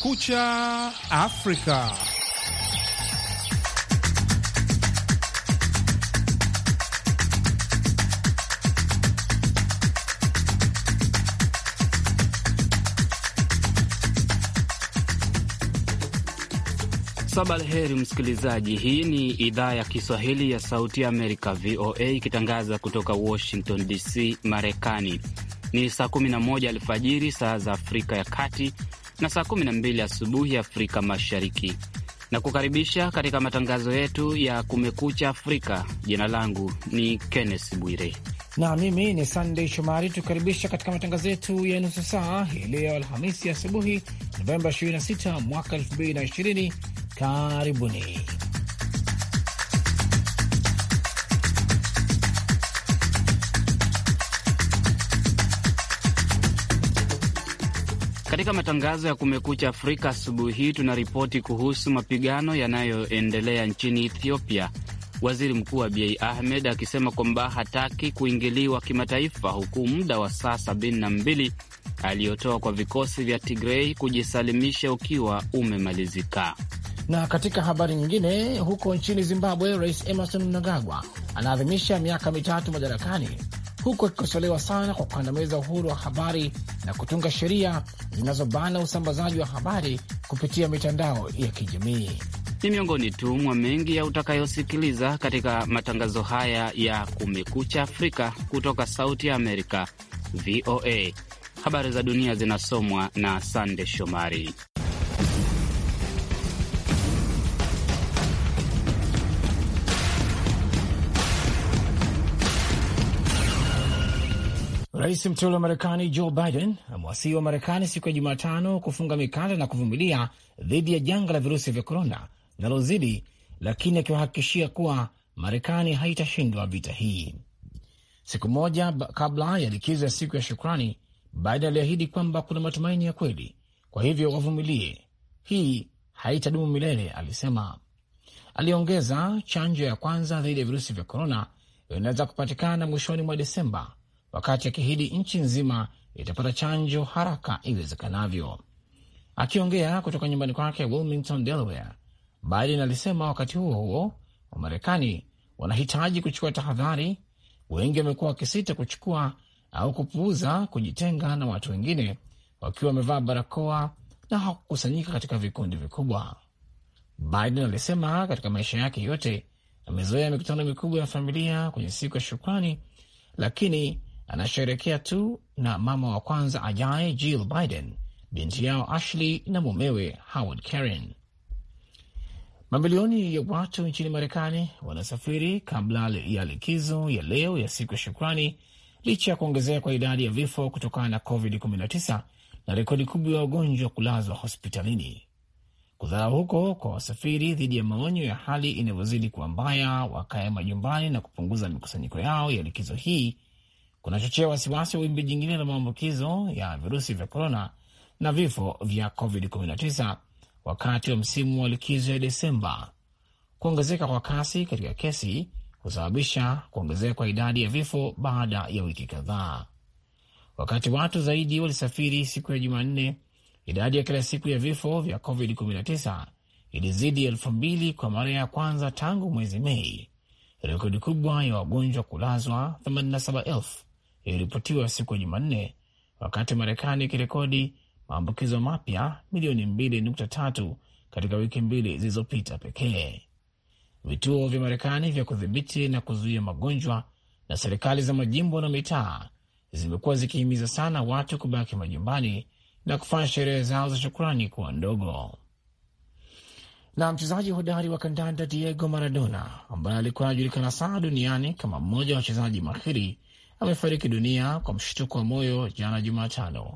Kumekucha Afrika. Sabalheri msikilizaji, hii ni idhaa ya Kiswahili ya Sauti ya Amerika, VOA, ikitangaza kutoka Washington DC, Marekani. Ni saa 11 alfajiri saa za Afrika ya Kati na saa 12 asubuhi Afrika Mashariki, na kukaribisha katika matangazo yetu ya Kumekucha Afrika. Jina langu ni Kenneth Bwire na mimi ni Sandey Shomari. Tukukaribisha katika matangazo yetu ya nusu saa hii leo Alhamisi asubuhi, Novemba 26 mwaka 2020. Karibuni. Katika matangazo ya Kumekucha Afrika asubuhi hii tunaripoti kuhusu mapigano yanayoendelea nchini Ethiopia, waziri mkuu wa Abiy Ahmed akisema kwamba hataki kuingiliwa kimataifa, huku muda wa saa 72 aliyotoa kwa vikosi vya Tigrei kujisalimisha ukiwa umemalizika. Na katika habari nyingine, huko nchini Zimbabwe, rais Emerson Mnangagwa anaadhimisha miaka mitatu madarakani huku akikosolewa sana kwa kukandamiza uhuru wa habari na kutunga sheria zinazobana usambazaji wa habari kupitia mitandao ya kijamii. Ni miongoni tu mwa mengi ya utakayosikiliza katika matangazo haya ya Kumekucha Afrika kutoka Sauti ya Amerika, VOA. Habari za dunia zinasomwa na Sande Shomari. Rais mteule wa Marekani Joe Biden amewasihi wa Marekani siku ya Jumatano kufunga mikanda na kuvumilia dhidi ya janga la virusi vya korona linalozidi, lakini akiwahakikishia kuwa Marekani haitashindwa vita hii. Siku moja kabla ya likizo ya siku ya shukrani, Biden aliahidi kwamba kuna matumaini ya kweli, kwa hivyo wavumilie, hii haitadumu milele, alisema. Aliongeza, chanjo ya kwanza dhidi ya virusi vya korona inaweza kupatikana mwishoni mwa Desemba wakati akihidi nchi nzima itapata chanjo haraka iwezekanavyo. Akiongea kutoka nyumbani kwake Wilmington, Delaware, Biden alisema wakati huo huo Wamarekani wanahitaji kuchukua tahadhari. Wengi wamekuwa wakisita kuchukua au kupuuza kujitenga na watu wengine wakiwa wamevaa barakoa na hawakukusanyika katika vikundi vikubwa. Biden alisema katika maisha yake yote amezoea mikutano mikubwa ya familia kwenye siku ya shukrani, lakini anasherekea tu na mama wa kwanza ajaye Jill Biden, binti yao Ashley na mumewe Howard Karen. Mamilioni ya watu nchini Marekani wanasafiri kabla ya likizo ya leo ya siku ya shukrani, licha ya kuongezeka kwa idadi ya vifo kutokana na COVID-19 na rekodi kubwa ya wagonjwa kulazwa hospitalini. Kudharau huko kwa wasafiri dhidi ya maonyo ya hali inavyozidi kuwa mbaya, wakae majumbani na kupunguza mikusanyiko yao ya likizo hii kunachochea wasiwasi wa wimbi jingine la maambukizo ya virusi vya korona na vifo vya COVID-19 wakati wa msimu wa likizo ya Desemba. Kuongezeka kwa kasi katika kesi husababisha kuongezeka kwa idadi ya vifo baada ya wiki kadhaa. Wakati watu zaidi walisafiri siku ya Jumanne, idadi ya kila siku ya vifo vya COVID-19 ilizidi elfu mbili kwa mara ya kwanza tangu mwezi Mei, rekodi kubwa ya wagonjwa kulazwa 87,000 iliripotiwa siku ya Jumanne, wakati Marekani ikirekodi maambukizo mapya milioni 2.3 katika wiki mbili zilizopita pekee. Vituo vya Marekani vya kudhibiti na kuzuia magonjwa na serikali za majimbo na mitaa zimekuwa zikihimiza sana watu kubaki majumbani na kufanya sherehe zao za shukrani kuwa ndogo. Na mchezaji hodari wa kandanda Diego Maradona ambaye alikuwa anajulikana sana duniani kama mmoja wa wachezaji mahiri amefariki dunia kwa mshtuko wa moyo jana Jumatano.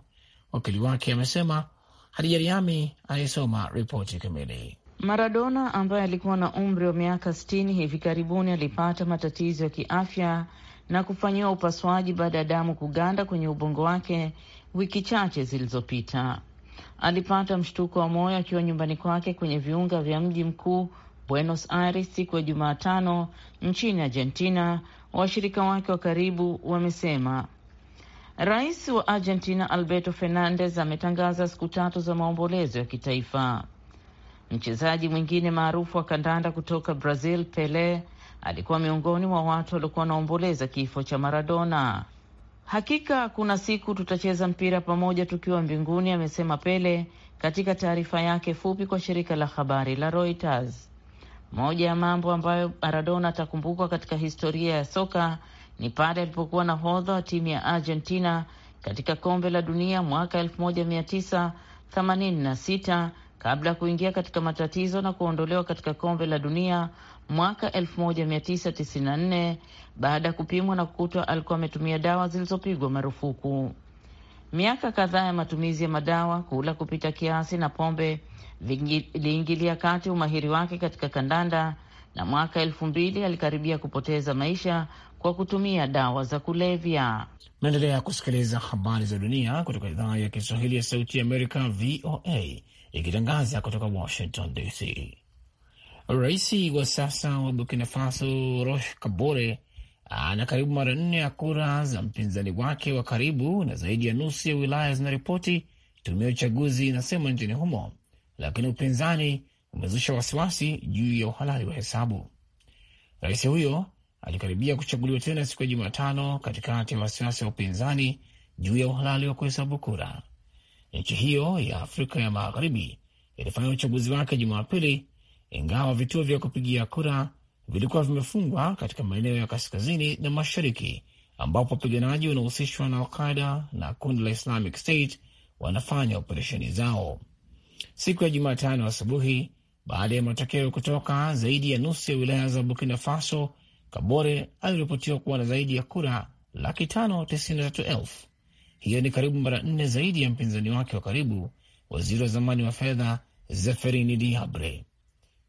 Wakili wake amesema. Hadija Riami anayesoma ripoti kamili. Maradona ambaye alikuwa na umri wa miaka 60 hivi karibuni alipata matatizo ya kiafya na kufanyiwa upasuaji baada ya damu kuganda kwenye ubongo wake wiki chache zilizopita. Alipata mshtuko wa moyo akiwa nyumbani kwake kwenye viunga vya mji mkuu Buenos Aires siku ya Jumatano nchini Argentina, washirika wake wa karibu wamesema. Rais wa Argentina Alberto Fernandez ametangaza siku tatu za maombolezo ya kitaifa. Mchezaji mwingine maarufu wa kandanda kutoka Brazil, Pele, alikuwa miongoni mwa watu waliokuwa wanaomboleza kifo cha Maradona. Hakika kuna siku tutacheza mpira pamoja tukiwa mbinguni, amesema Pele katika taarifa yake fupi kwa shirika la habari la Reuters. Moja ya mambo ambayo Maradona atakumbukwa katika historia ya soka ni pale alipokuwa nahodha wa timu ya Argentina katika kombe la dunia mwaka 1986 kabla ya kuingia katika matatizo na kuondolewa katika kombe la dunia mwaka 1994 baada ya kupimwa na kukutwa alikuwa ametumia dawa zilizopigwa marufuku. Miaka kadhaa ya matumizi ya madawa, kula kupita kiasi na pombe liingilia kati umahiri wake katika kandanda na mwaka elfu mbili alikaribia kupoteza maisha kwa kutumia dawa za kulevya. Naendelea kusikiliza habari za dunia kutoka idhaa ya Kiswahili ya Sauti ya Amerika, VOA, ikitangaza kutoka Washington DC. Rais wa sasa wa Burkina Faso Roch Kabore ana karibu mara nne ya kura za mpinzani wake wa karibu, na zaidi ya nusu ya wilaya zinaripoti tume ya uchaguzi inasema nchini humo lakini upinzani umezusha wasiwasi juu ya uhalali wa hesabu. Rais huyo alikaribia kuchaguliwa tena siku ya Jumatano katikati ya wasiwasi wa upinzani juu ya uhalali wa kuhesabu kura. Nchi hiyo ya Afrika ya Magharibi ilifanya uchaguzi wake Jumapili, ingawa vituo vya kupigia kura vilikuwa vimefungwa katika maeneo ya kaskazini na mashariki ambapo wapiganaji wanahusishwa na Alqaida na kundi la Islamic State wanafanya operesheni zao siku ya Jumatano asubuhi baada ya matokeo kutoka zaidi ya nusu ya wilaya za Burkina Faso. Kabore aliripotiwa kuwa na zaidi ya kura laki tano tisini na tatu elfu. Hiyo ni karibu mara nne zaidi ya mpinzani wake wa karibu, waziri wa zamani wa fedha Zeferini Diabre.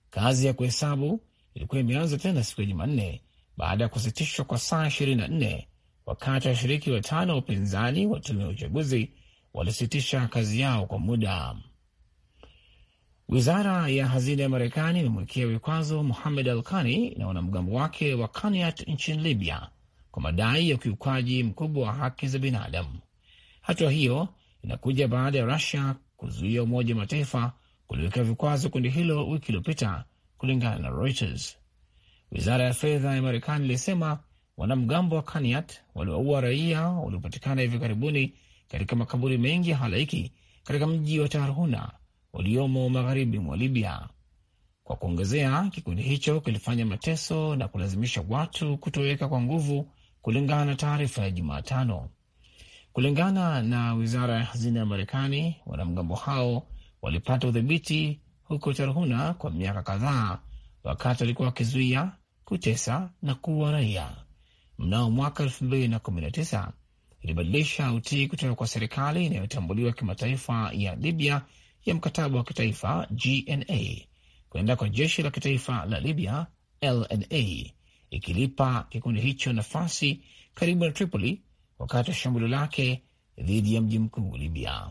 Kazi ya kuhesabu ilikuwa imeanza tena siku ya Jumanne baada ya kusitishwa kwa saa 24 wakati washiriki watano wa upinzani wa tume ya uchaguzi walisitisha kazi yao kwa muda. Wizara ya hazina ya Marekani imemwekea vikwazo Muhamed al Kani na wanamgambo wake wa Kaniat nchini Libya kwa madai ya ukiukaji mkubwa wa haki za binadamu. Hatua hiyo inakuja baada ya Rusia kuzuia Umoja wa Mataifa kuliwekea vikwazo kundi hilo wiki iliyopita, kulingana na Reuters. Wizara ya fedha ya Marekani ilisema wanamgambo wa Kaniat waliwaua raia waliopatikana hivi karibuni katika makaburi mengi ya halaiki katika mji wa Tarhuna uliomo magharibi mwa Libya. Kwa kuongezea, kikundi hicho kilifanya mateso na kulazimisha watu kutoweka kwa nguvu, kulingana na taarifa ya Jumatano. Kulingana na wizara ya hazina ya Marekani, wanamgambo hao walipata udhibiti huko Tarhuna kwa miaka kadhaa, wakati walikuwa wakizuia, kutesa na kuua raia. Mnao mwaka 2019 ilibadilisha utii kutoka kwa serikali inayotambuliwa kimataifa ya Libya ya mkataba wa kitaifa GNA kwenda kwa jeshi la kitaifa la Libya LNA, ikilipa kikundi hicho nafasi karibu na Tripoli wakati wa shambulio lake dhidi ya mji mkuu Libya.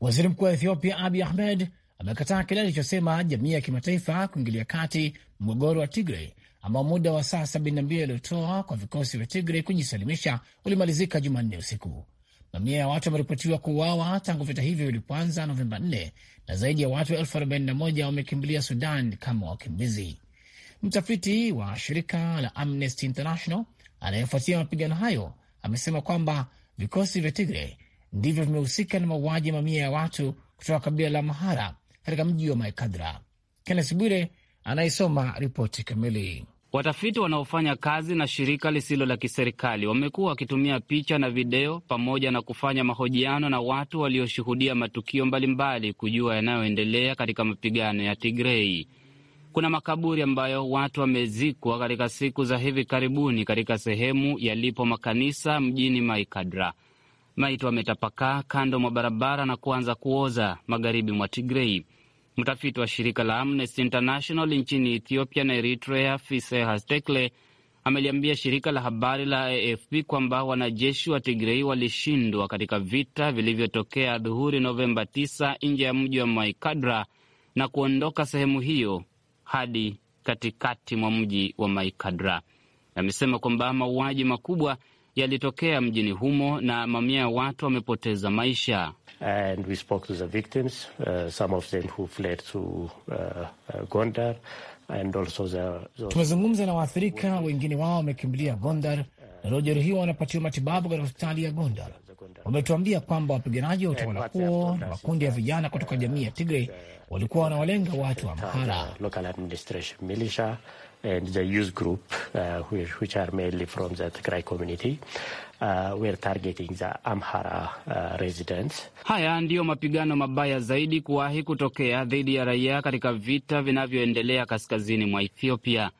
Waziri Mkuu wa Ethiopia Abiy Ahmed amekataa kile alichosema jamii ya kimataifa kuingilia kati mgogoro wa Tigray ambao muda wa saa 72 aliotoa kwa vikosi vya Tigray kujisalimisha ulimalizika Jumanne usiku. Mamia ya watu wameripotiwa kuuawa tangu vita hivyo vilipoanza Novemba 4 na zaidi ya watu elfu 41 wamekimbilia Sudan kama wakimbizi. Mtafiti wa shirika la Amnesty International anayefuatia mapigano hayo amesema kwamba vikosi vya Tigre ndivyo vimehusika na mauaji mamia ya watu kutoka kabila la Mahara katika mji wa Maekadra. Kennes Bwire anayesoma ripoti kamili. Watafiti wanaofanya kazi na shirika lisilo la kiserikali wamekuwa wakitumia picha na video pamoja na kufanya mahojiano na watu walioshuhudia matukio mbalimbali kujua yanayoendelea katika mapigano ya Tigrei. Kuna makaburi ambayo watu wamezikwa katika siku za hivi karibuni katika sehemu yalipo makanisa mjini Maikadra maiti wametapakaa kando mwa barabara na kuanza kuoza magharibi mwa Tigrei. Mtafiti wa shirika la Amnesty International nchini Ethiopia na Eritrea, Fise Hastekle, ameliambia shirika la habari la AFP kwamba wanajeshi wa Tigrei walishindwa katika vita vilivyotokea dhuhuri Novemba 9 nje ya mji wa Maikadra na kuondoka sehemu hiyo hadi katikati mwa mji wa Maikadra. Amesema kwamba mauaji makubwa yalitokea mjini humo na mamia ya watu wamepoteza maisha. And we spoke to the victims, uh, some of them who fled to, uh, uh Gondar and also the, the... Tumezungumza na waathirika, wengine wao wamekimbilia Gondar na waliojeruhiwa wanapatiwa matibabu katika hospitali ya Gondar. Wametuambia kwamba wapiganaji wa utawala huo na makundi ya vijana kutoka jamii ya Tigray walikuwa wanawalenga watu wa Amhara and the youth group, uh, which, which are mainly from the Tigray community. Uh, we're targeting the Amhara, uh, residents. Haya ndiyo mapigano mabaya zaidi kuwahi kutokea dhidi ya raia katika vita vinavyoendelea kaskazini mwa Ethiopia.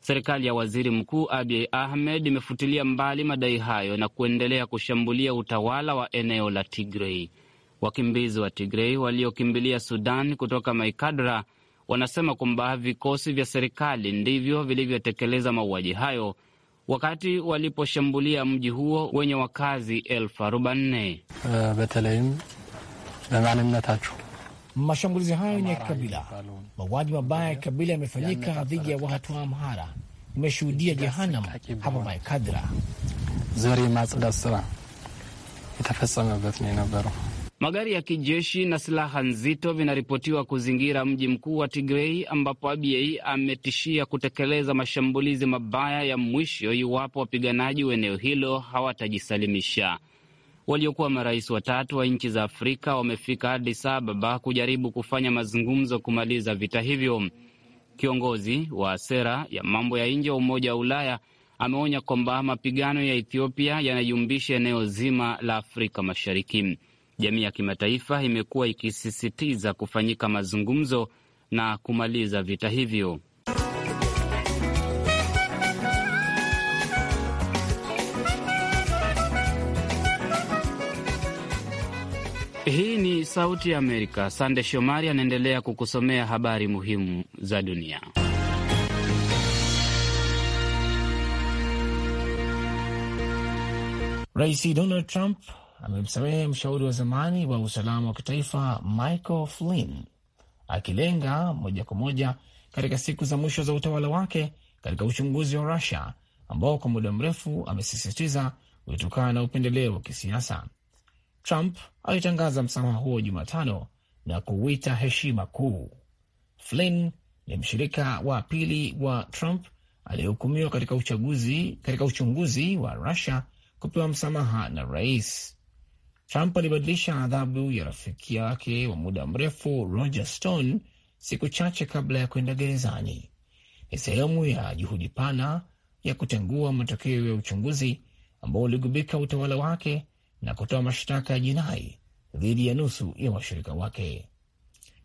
Serikali ya Waziri Mkuu Abiy Ahmed imefutilia mbali madai hayo na kuendelea kushambulia utawala wa eneo la Tigrei. Wakimbizi wa Tigrei waliokimbilia Sudan kutoka Maikadra wanasema kwamba vikosi vya serikali ndivyo vilivyotekeleza mauaji hayo wakati waliposhambulia mji huo wenye wakazi elfu arobaini. Uh, eh, betelehemu Mashambulizi hayo ni ya kikabila. Mauaji mabaya ya kikabila yamefanyika dhidi ya watu wa Amhara. imeshuhudia jehanam hapa Baykadra zori Magari ya kijeshi na silaha nzito vinaripotiwa kuzingira mji mkuu wa Tigrei ambapo Abiy ametishia kutekeleza mashambulizi mabaya ya mwisho iwapo wapiganaji wa eneo hilo hawatajisalimisha. Waliokuwa marais watatu wa nchi za Afrika wamefika Addis Ababa kujaribu kufanya mazungumzo kumaliza vita hivyo. Kiongozi wa sera ya mambo ya nje wa Umoja wa Ulaya ameonya kwamba mapigano ya Ethiopia yanayumbisha eneo zima la Afrika Mashariki. Jamii ya kimataifa imekuwa ikisisitiza kufanyika mazungumzo na kumaliza vita hivyo. Hii ni Sauti ya Amerika. Sande Shomari anaendelea kukusomea habari muhimu za dunia. Rais Donald Trump amemsamehe mshauri wa zamani wa usalama wa kitaifa Michael Flynn, akilenga moja kwa moja katika siku za mwisho za utawala wake katika uchunguzi wa Rusia ambao kwa muda mrefu amesisitiza ulitokana na upendeleo wa kisiasa. Trump alitangaza msamaha huo Jumatano na kuuita heshima kuu. Flynn ni mshirika wa pili wa Trump aliyehukumiwa katika uchaguzi katika uchunguzi wa Rusia kupewa msamaha na rais. Trump alibadilisha adhabu ya rafiki yake wa muda mrefu Roger Stone siku chache kabla ya kwenda gerezani. Ni sehemu ya juhudi pana ya kutengua matokeo ya uchunguzi ambao uligubika utawala wake na kutoa mashtaka ya jinai dhidi ya nusu ya washirika wake.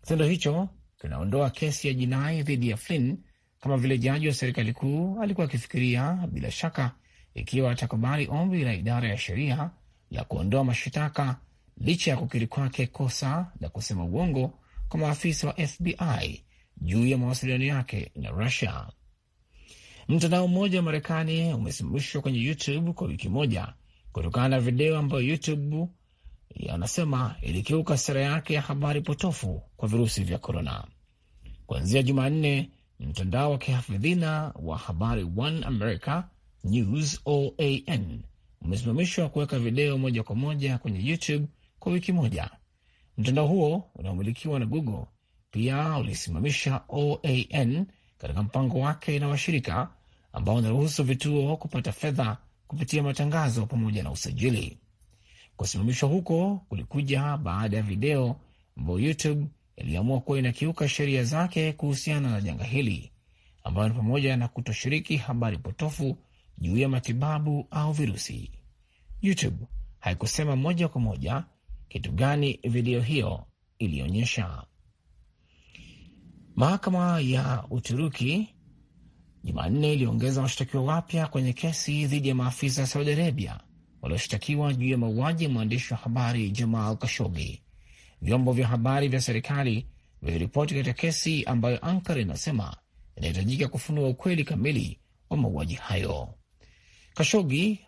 Kitendo hicho kinaondoa kesi ya jinai dhidi ya Flynn kama vile jaji wa serikali kuu alikuwa akifikiria, bila shaka, ikiwa atakubali ombi la idara ya sheria la kuondoa mashitaka licha ya kukiri kwake kosa la kusema uongo kwa maafisa wa FBI juu ya mawasiliano yake na Rusia. Mtandao mmoja wa Marekani umesimamishwa kwenye YouTube kwa wiki moja kutokana na video ambayo YouTube anasema ilikiuka sera yake ya habari potofu kwa virusi vya korona. Kuanzia Jumanne, mtandao wa kihafidhina wa habari One America News OAN umesimamishwa kuweka video moja kwa moja kwenye YouTube kwa wiki moja. Mtandao huo unaomilikiwa na Google pia ulisimamisha OAN katika mpango wake na washirika ambao unaruhusu vituo kupata fedha kupitia matangazo pamoja na usajili. Kusimamishwa huko kulikuja baada ya video ambayo YouTube iliamua kuwa inakiuka sheria zake kuhusiana na janga hili ambayo ni pamoja na kutoshiriki habari potofu juu ya matibabu au virusi. YouTube haikusema moja kwa moja kitu gani video hiyo ilionyesha. Mahakama ya Uturuki Jumanne iliongeza washtakiwa wapya kwenye kesi dhidi ya maafisa ya Saudi Arabia walioshtakiwa juu ya mauaji ya mwandishi wa habari Jamal Kashogi. Vyombo vya habari vya serikali viliripoti katika kesi ambayo Ankara inasema inahitajika kufunua ukweli kamili wa mauaji hayo. Kashogi,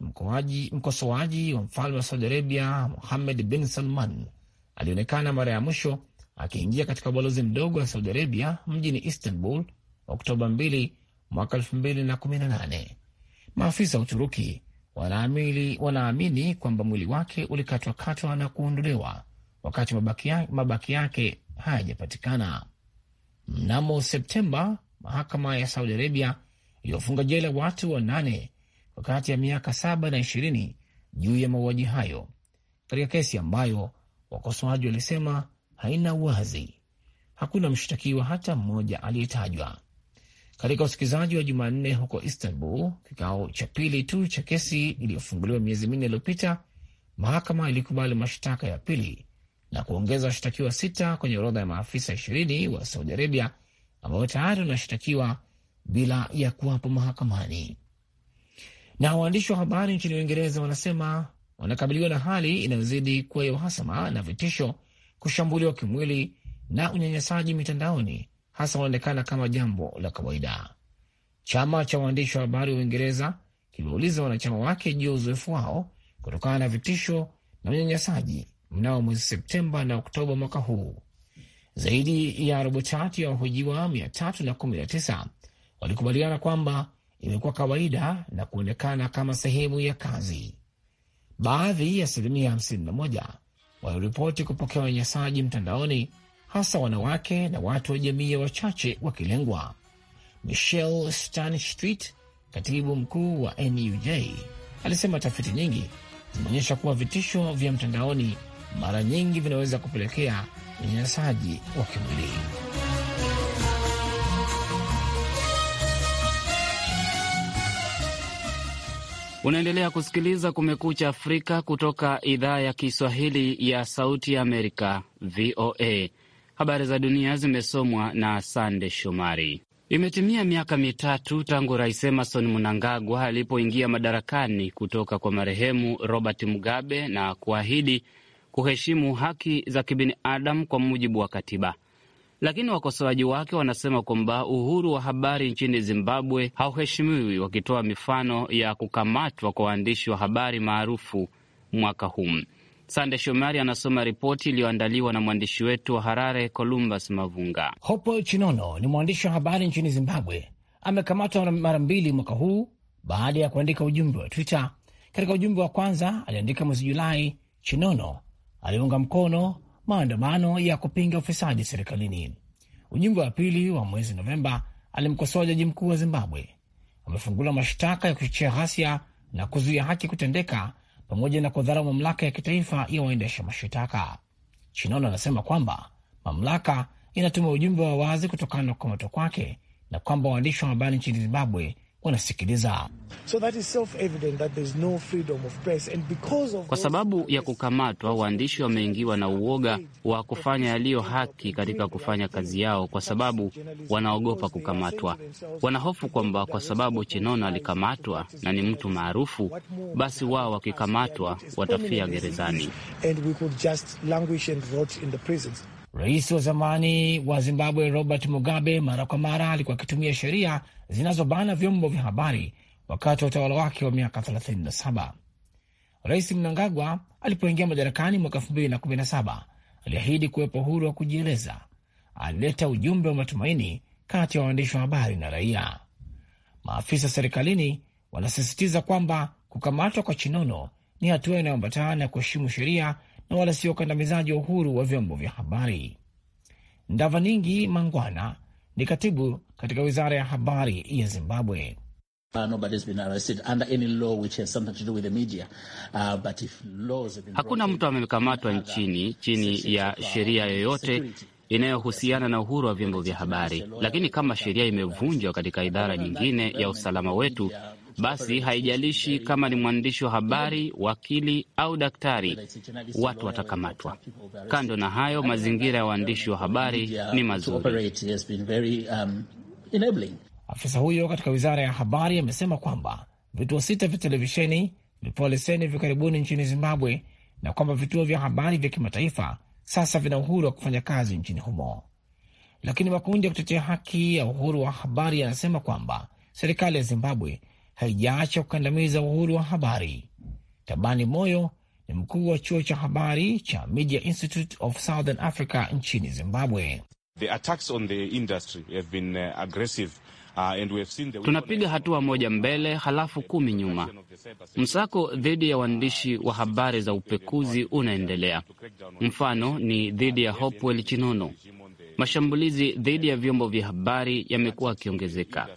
mkosoaji wa mfalme wa Saudi Arabia Muhamed bin Salman, alionekana mara ya mwisho akiingia katika ubalozi mdogo wa Saudi Arabia mjini Istanbul Oktoba 2 mwaka 2018. Maafisa wa Uturuki wanaamini kwamba mwili wake ulikatwakatwa na kuondolewa wakati mabaki, ya, mabaki yake hayajapatikana. Mnamo Septemba, mahakama ya Saudi Arabia iliyofunga jela watu wanane wakati ya miaka saba na ishirini juu ya mauaji hayo katika kesi ambayo wakosoaji walisema haina uwazi. Hakuna mshtakiwa hata mmoja aliyetajwa. Katika usikilizaji wa Jumanne huko Istanbul, kikao cha pili tu cha kesi iliyofunguliwa miezi minne iliyopita, mahakama ilikubali mashtaka ya pili na kuongeza washtakiwa sita kwenye orodha ya maafisa ishirini wa Saudi Arabia ambao tayari wanashtakiwa bila ya kuwapo mahakamani. Na waandishi wa habari nchini Uingereza wanasema wanakabiliwa na hali inayozidi kuwa ya uhasama na vitisho, kushambuliwa kimwili na unyanyasaji mitandaoni, hasa wanaonekana kama jambo la kawaida. Chama cha waandishi wa habari wa Uingereza kimeuliza wanachama wake juu ya uzoefu wao kutokana na vitisho na unyanyasaji mnao mwezi Septemba na Oktoba mwaka huu. Zaidi ya robo tatu ya wahojiwa 319 walikubaliana kwamba imekuwa kawaida na kuonekana kama sehemu ya kazi. Baadhi ya asilimia 51 waliripoti kupokea unyanyasaji mtandaoni, hasa wanawake na watu wa jamii ya wachache wakilengwa. Michel Stanstreet, katibu mkuu wa NUJ, alisema tafiti nyingi zimeonyesha kuwa vitisho vya mtandaoni mara nyingi vinaweza kupelekea unyanyasaji wa kimwili. Unaendelea kusikiliza Kumekucha Afrika kutoka idhaa ya Kiswahili ya Sauti ya Amerika, VOA. Habari za dunia zimesomwa na Sande Shomari. Imetimia miaka mitatu tangu Rais Emerson Mnangagwa alipoingia madarakani kutoka kwa marehemu Robert Mugabe na kuahidi kuheshimu haki za kibinadamu kwa mujibu wa katiba lakini wakosoaji wake wanasema kwamba uhuru wa habari nchini Zimbabwe hauheshimiwi, wakitoa mifano ya kukamatwa kwa waandishi wa habari maarufu mwaka huu. Sande Shomari anasoma ripoti iliyoandaliwa na mwandishi wetu wa Harare, Columbus Mavunga. Hopo Chinono ni mwandishi wa habari nchini Zimbabwe, amekamatwa mara mbili mwaka huu baada ya kuandika ujumbe wa Twitter. Katika ujumbe wa kwanza aliandika mwezi Julai, Chinono aliunga mkono maandamano ya kupinga ufisadi serikalini. Ujumbe wa pili wa mwezi Novemba alimkosoa jaji mkuu wa Zimbabwe, amefungula mashtaka ya kuchochea ghasia na kuzuia haki kutendeka pamoja na kudharau mamlaka ya kitaifa ya waendesha mashitaka. Chinono anasema kwamba mamlaka inatuma ujumbe wa wazi kutokana na kukamatwa kwake na kwamba waandishi wa habari nchini Zimbabwe wanasikiliza. So that is that no freedom of press. And because of kwa sababu ya kukamatwa, waandishi wameingiwa na uoga wa kufanya yaliyo haki katika kufanya kazi yao, kwa sababu wanaogopa kukamatwa. Wanahofu kwamba kwa sababu Chinono alikamatwa na ni mtu maarufu, basi wao wakikamatwa watafia gerezani. Rais wa zamani wa Zimbabwe Robert Mugabe mara kwa mara alikuwa akitumia sheria zinazobana vyombo vya habari wakati wa utawala wake wa miaka 37. Rais Mnangagwa alipoingia madarakani mwaka 2017 aliahidi kuwepo uhuru wa kujieleza. Alileta ujumbe wa matumaini kati ya waandishi wa habari na raia. Maafisa serikalini wanasisitiza kwamba kukamatwa kwa Chinono ni hatua inayoambatana na kuheshimu sheria na wala sio ukandamizaji wa uhuru wa vyombo vya habari. Ndavaningi Mangwana ni katibu katika wizara ya habari ya Zimbabwe. Uh, uh, Hakuna mtu amekamatwa nchini chini ya sheria yoyote inayohusiana na uhuru wa vyombo vya habari, lakini kama sheria imevunjwa katika idara nyingine ya usalama wetu, basi haijalishi kama ni mwandishi wa habari, wakili au daktari, watu watakamatwa. Kando na hayo, mazingira ya waandishi wa habari ni mazuri. Afisa huyo katika wizara ya habari amesema kwamba vituo sita vya televisheni vimepewa leseni hivi karibuni nchini Zimbabwe na kwamba vituo vya habari vya kimataifa sasa vina uhuru wa kufanya kazi nchini humo. Lakini makundi ya kutetea haki ya uhuru wa habari yanasema kwamba serikali ya Zimbabwe haijaacha kukandamiza uhuru wa habari. Tabani Moyo ni mkuu wa chuo cha habari cha Media Institute of Southern Africa nchini Zimbabwe. The attacks on the industry have been uh, aggressive. Uh, tunapiga hatua moja mbele halafu kumi nyuma. Msako dhidi ya waandishi wa habari za upekuzi unaendelea. Mfano ni dhidi ya Hopewell Chinono. Mashambulizi dhidi ya vyombo vya habari yamekuwa yakiongezeka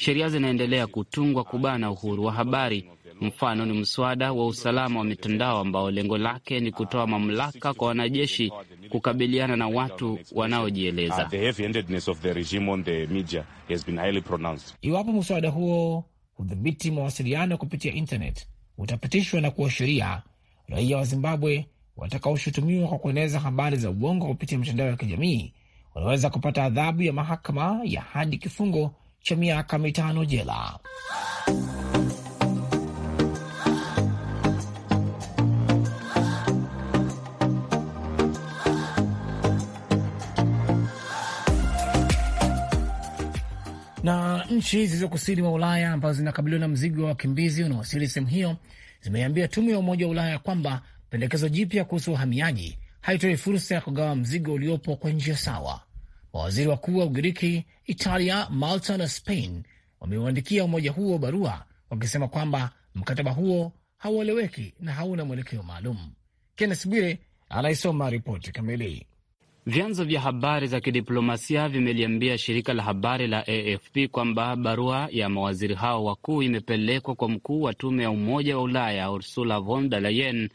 sheria zinaendelea kutungwa kubana uhuru wa habari. Mfano ni mswada wa usalama wa mitandao ambao lengo lake ni kutoa mamlaka kwa wanajeshi kukabiliana na watu wanaojieleza. Ah, Iwapo mswada huo hudhibiti mawasiliano kupitia internet utapitishwa na kuwa sheria, raia wa Zimbabwe watakaoshutumiwa kwa kueneza habari za uongo kupitia mitandao ya kijamii wanaweza kupata adhabu ya mahakama ya hadi kifungo cha miaka mitano jela. Na nchi zilizo kusini mwa Ulaya ambazo zinakabiliwa na mzigo wa wakimbizi unaowasili sehemu hiyo zimeambia tume ya Umoja wa Ulaya kwamba pendekezo jipya kuhusu uhamiaji haitoi fursa ya kugawa mzigo uliopo kwa njia sawa. Mawaziri wakuu wa Ugiriki, Italia, Malta na Spain wameuandikia umoja huo barua wakisema kwamba mkataba huo haueleweki na hauna mwelekeo maalum. Kennes Bwire anaisoma ripoti kamili. Vyanzo vya habari za kidiplomasia vimeliambia shirika la habari la AFP kwamba barua ya mawaziri hao wakuu imepelekwa kwa mkuu wa tume ya Umoja wa Ulaya Ursula von der Leyen,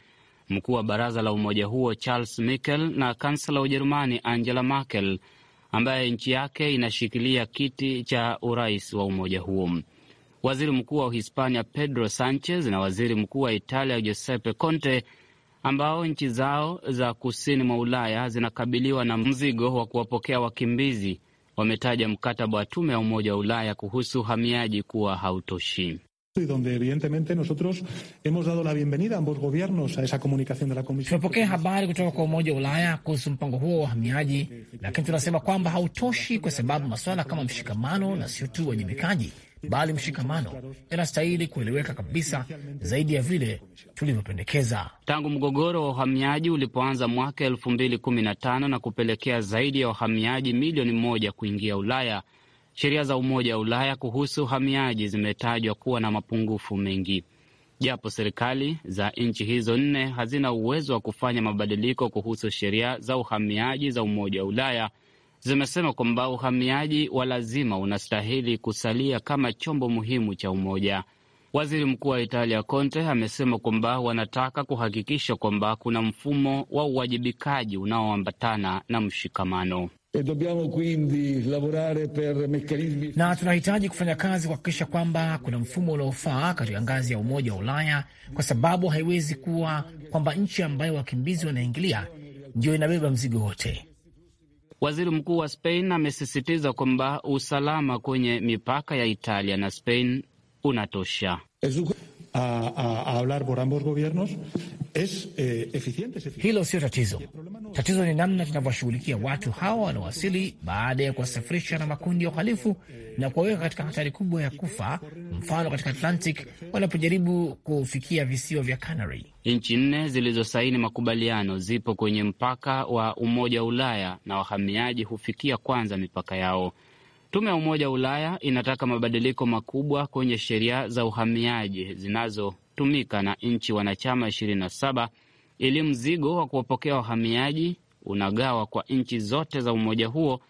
mkuu wa baraza la umoja huo Charles Michel na kansela wa Ujerumani Angela Merkel ambaye nchi yake inashikilia kiti cha urais wa umoja huo. Waziri mkuu wa Uhispania Pedro Sanchez na waziri mkuu wa Italia Giuseppe Conte, ambao nchi zao za kusini mwa Ulaya zinakabiliwa na mzigo wa kuwapokea wakimbizi, wametaja mkataba wa tume ya Umoja wa Ulaya kuhusu uhamiaji kuwa hautoshi. Tumepokea habari kutoka kwa Umoja wa Ulaya kuhusu mpango huo wa wahamiaji, lakini tunasema kwamba hautoshi, kwa sababu masuala kama mshikamano na sio tu uwajibikaji, bali mshikamano yanastahili kueleweka kabisa zaidi ya vile tulivyopendekeza. Tangu mgogoro wa uhamiaji ulipoanza mwaka 2015 na kupelekea zaidi ya wahamiaji milioni moja kuingia Ulaya sheria za Umoja wa Ulaya kuhusu uhamiaji zimetajwa kuwa na mapungufu mengi. Japo serikali za nchi hizo nne hazina uwezo wa kufanya mabadiliko kuhusu sheria za uhamiaji za Umoja wa Ulaya, zimesema kwamba uhamiaji wa lazima unastahili kusalia kama chombo muhimu cha umoja. Waziri Mkuu wa Italia Conte amesema kwamba wanataka kuhakikisha kwamba kuna mfumo wa uwajibikaji unaoambatana na mshikamano. E dobbiamo quindi lavorare per meccanismi... Na tunahitaji kufanya kazi kuhakikisha kwamba kuna mfumo unaofaa katika ngazi ya Umoja wa Ulaya, kwa sababu haiwezi kuwa kwamba nchi ambayo wakimbizi wanaingilia ndio inabeba mzigo wote. Waziri Mkuu wa Spain amesisitiza kwamba usalama kwenye mipaka ya Italia na Spain unatosha. E hablar por ambos gobiernos Es, eh, eficiente, es eficiente. Hilo sio tatizo. Tatizo ni namna tunavyoshughulikia watu hawa wanaowasili baada ya kuwasafirisha na makundi ya uhalifu na kuwaweka katika hatari kubwa ya kufa, mfano katika Atlantic wanapojaribu kufikia visiwa vya Canary. Nchi nne zilizosaini makubaliano zipo kwenye mpaka wa Umoja wa Ulaya na wahamiaji hufikia kwanza mipaka yao. Tume ya Umoja wa Ulaya inataka mabadiliko makubwa kwenye sheria za uhamiaji zinazo kutumika na nchi wanachama 27 ili mzigo wa kuwapokea wahamiaji unagawa kwa nchi zote za umoja huo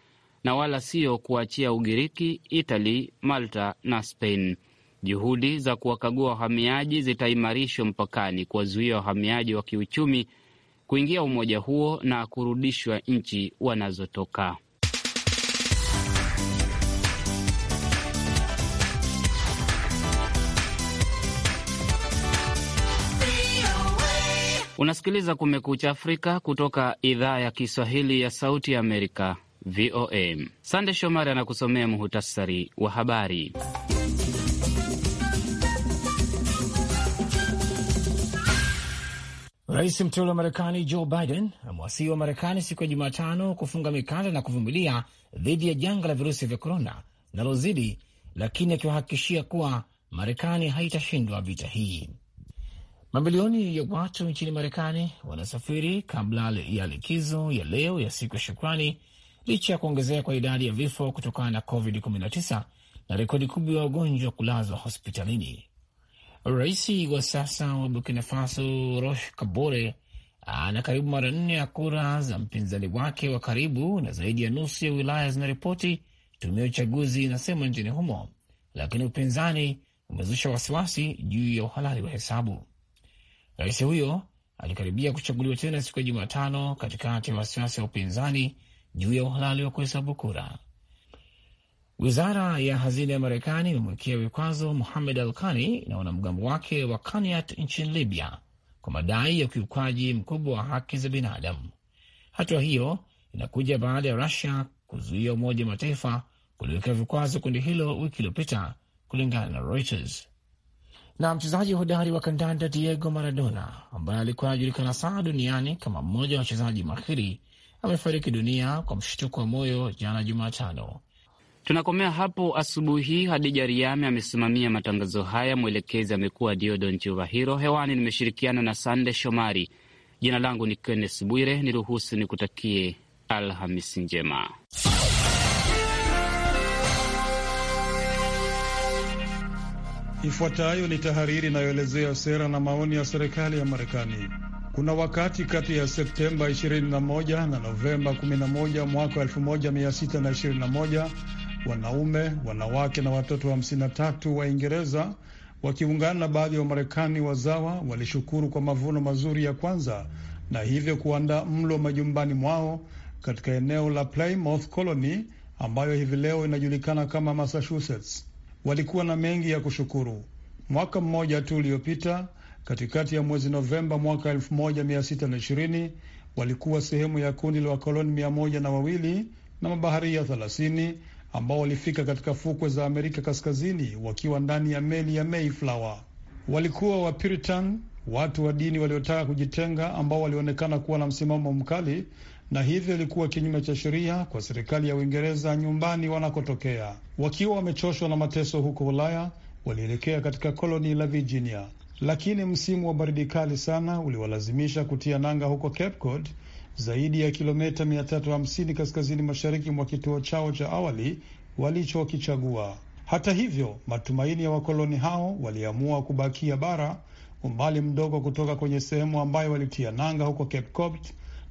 na wala sio kuachia Ugiriki, Itali, Malta na Spain. Juhudi za kuwakagua wahamiaji zitaimarishwa mpakani, kuwazuia wahamiaji wa kiuchumi kuingia umoja huo na kurudishwa nchi wanazotoka. Unasikiliza Kumekucha Afrika kutoka idhaa ya Kiswahili ya Sauti ya Amerika, VOA. Sande Shomari anakusomea muhutasari wa habari. Rais mteule wa Marekani Joe Biden amewasihi wa Marekani siku ya Jumatano kufunga mikanda na kuvumilia dhidi ya janga la virusi vya korona linalozidi, lakini akiwahakikishia kuwa Marekani haitashindwa vita hii. Mamilioni ya watu nchini Marekani wanasafiri kabla ya likizo ya leo ya siku ya shukrani, licha ya kuongezeka kwa idadi ya vifo kutokana na COVID-19 na rekodi kubwa ya wagonjwa kulazwa hospitalini. Rais wa sasa wa Burkina Faso Roch Kabore ana karibu mara nne ya kura za mpinzani wake wa karibu, na zaidi ya nusu ya wilaya zinaripoti tume ya uchaguzi inasema nchini humo, lakini upinzani umezusha wasiwasi juu ya uhalali wa hesabu. Rais huyo alikaribia kuchaguliwa tena siku ya Jumatano katikati ya wasiwasi wa upinzani juu ya uhalali wa kuhesabu kura. Wizara ya hazina ya Marekani imemwekea vikwazo Muhamed Al Kani na wanamgambo wake wa Kaniat nchini Libya kwa madai ya ukiukaji mkubwa wa haki za binadamu. Hatua hiyo inakuja baada ya Rusia kuzuia Umoja wa Mataifa kuliwekea vikwazo kundi hilo wiki iliyopita, kulingana na Reuters na mchezaji hodari wa kandanda Diego Maradona ambaye alikuwa anajulikana sana duniani kama mmoja wa wachezaji mahiri amefariki dunia kwa mshtuko wa moyo jana Jumatano. Tunakomea hapo asubuhi Hadija Riame amesimamia matangazo haya, mwelekezi amekuwa Diodo Chuvahiro. Hewani nimeshirikiana na Sande Shomari. Jina langu ni Kennes Bwire, niruhusu nikutakie Alhamisi njema. Ifuatayo ni tahariri inayoelezea sera na maoni ya serikali ya Marekani. Kuna wakati kati ya Septemba 21 na Novemba 11 mwaka 1621 wanaume, wanawake na watoto 53 wa Waingereza wakiungana na baadhi ya Wamarekani wazawa walishukuru kwa mavuno mazuri ya kwanza na hivyo kuandaa mlo majumbani mwao katika eneo la Plymouth Colony ambayo hivi leo inajulikana kama Massachusetts walikuwa na mengi ya kushukuru. Mwaka mmoja tu uliopita, katikati ya mwezi Novemba mwaka 1620 walikuwa sehemu ya kundi la wakoloni mia moja na wawili na mabaharia 30 ambao walifika katika fukwe za Amerika Kaskazini wakiwa ndani ya meli ya Mayflower. Walikuwa Wapuritan, watu wa dini waliotaka kujitenga, ambao walionekana kuwa na msimamo mkali na hivyo ilikuwa kinyume cha sheria kwa serikali ya Uingereza nyumbani wanakotokea. Wakiwa wamechoshwa na mateso huko Ulaya, walielekea katika koloni la Virginia, lakini msimu wa baridi kali sana uliwalazimisha kutia nanga huko Cape Cod, zaidi ya kilomita 350 kaskazini mashariki mwa kituo chao cha awali walichokichagua. Hata hivyo, matumaini ya wakoloni hao waliamua kubakia bara, umbali mdogo kutoka kwenye sehemu ambayo walitia nanga huko Cape Cod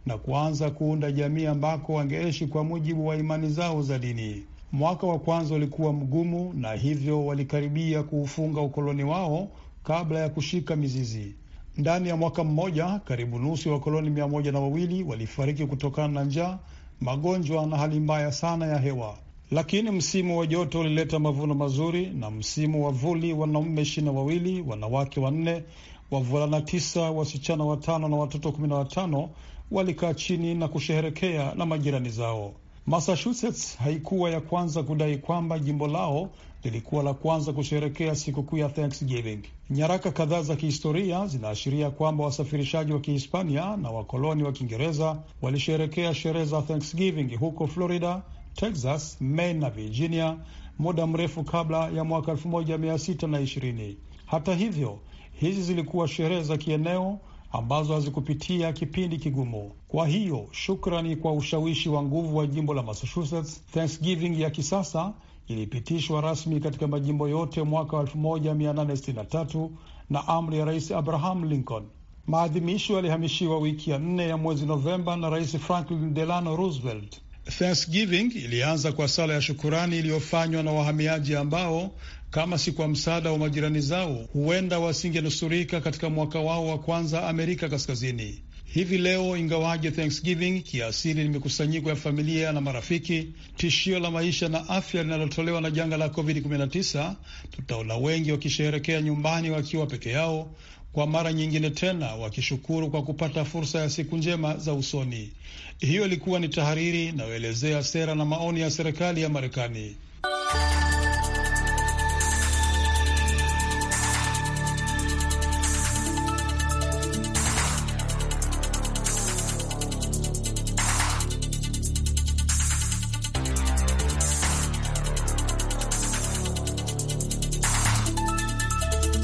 na kuanza kuunda jamii ambako wangeishi kwa mujibu wa imani zao za dini. Mwaka wa kwanza ulikuwa mgumu, na hivyo walikaribia kuufunga ukoloni wao kabla ya kushika mizizi. Ndani ya mwaka mmoja, karibu nusu ya wakoloni mia moja na wawili walifariki kutokana na njaa, magonjwa na hali mbaya sana ya hewa. Lakini msimu wa joto ulileta mavuno mazuri, na msimu wa vuli, wanaume ishirini na wawili, wanawake wanne, wavulana tisa, wasichana watano na watoto kumi na watano walikaa chini na kusheherekea na majirani zao. Massachusetts haikuwa ya kwanza kudai kwamba jimbo lao lilikuwa la kwanza kusherekea sikukuu ya Thanksgiving. Nyaraka kadhaa za kihistoria zinaashiria kwamba wasafirishaji wa Kihispania na wakoloni wa Kiingereza walisherekea sherehe za Thanksgiving huko Florida, Texas, Maine na Virginia muda mrefu kabla ya mwaka 1620. Hata hivyo, hizi zilikuwa sherehe za kieneo ambazo hazikupitia kipindi kigumu. Kwa hiyo shukrani kwa ushawishi wa nguvu wa jimbo la Massachusetts, Thanksgiving ya kisasa ilipitishwa rasmi katika majimbo yote mwaka 1863 na amri ya Rais Abraham Lincoln. Maadhimisho yalihamishiwa wiki ya nne ya mwezi Novemba na Rais Franklin Delano Roosevelt. Thanksgiving ilianza kwa sala ya shukurani iliyofanywa na wahamiaji ambao kama si kwa msaada wa majirani zao, huenda wasingenusurika katika mwaka wao wa kwanza Amerika Kaskazini. Hivi leo, ingawaje Thanksgiving kiasili ni mikusanyiko ya familia na marafiki, tishio la maisha na afya linalotolewa na janga la COVID-19, tutaona wengi wakisheherekea nyumbani wakiwa peke yao, kwa mara nyingine tena wakishukuru kwa kupata fursa ya siku njema za usoni. Hiyo ilikuwa ni tahariri inayoelezea sera na maoni ya serikali ya Marekani.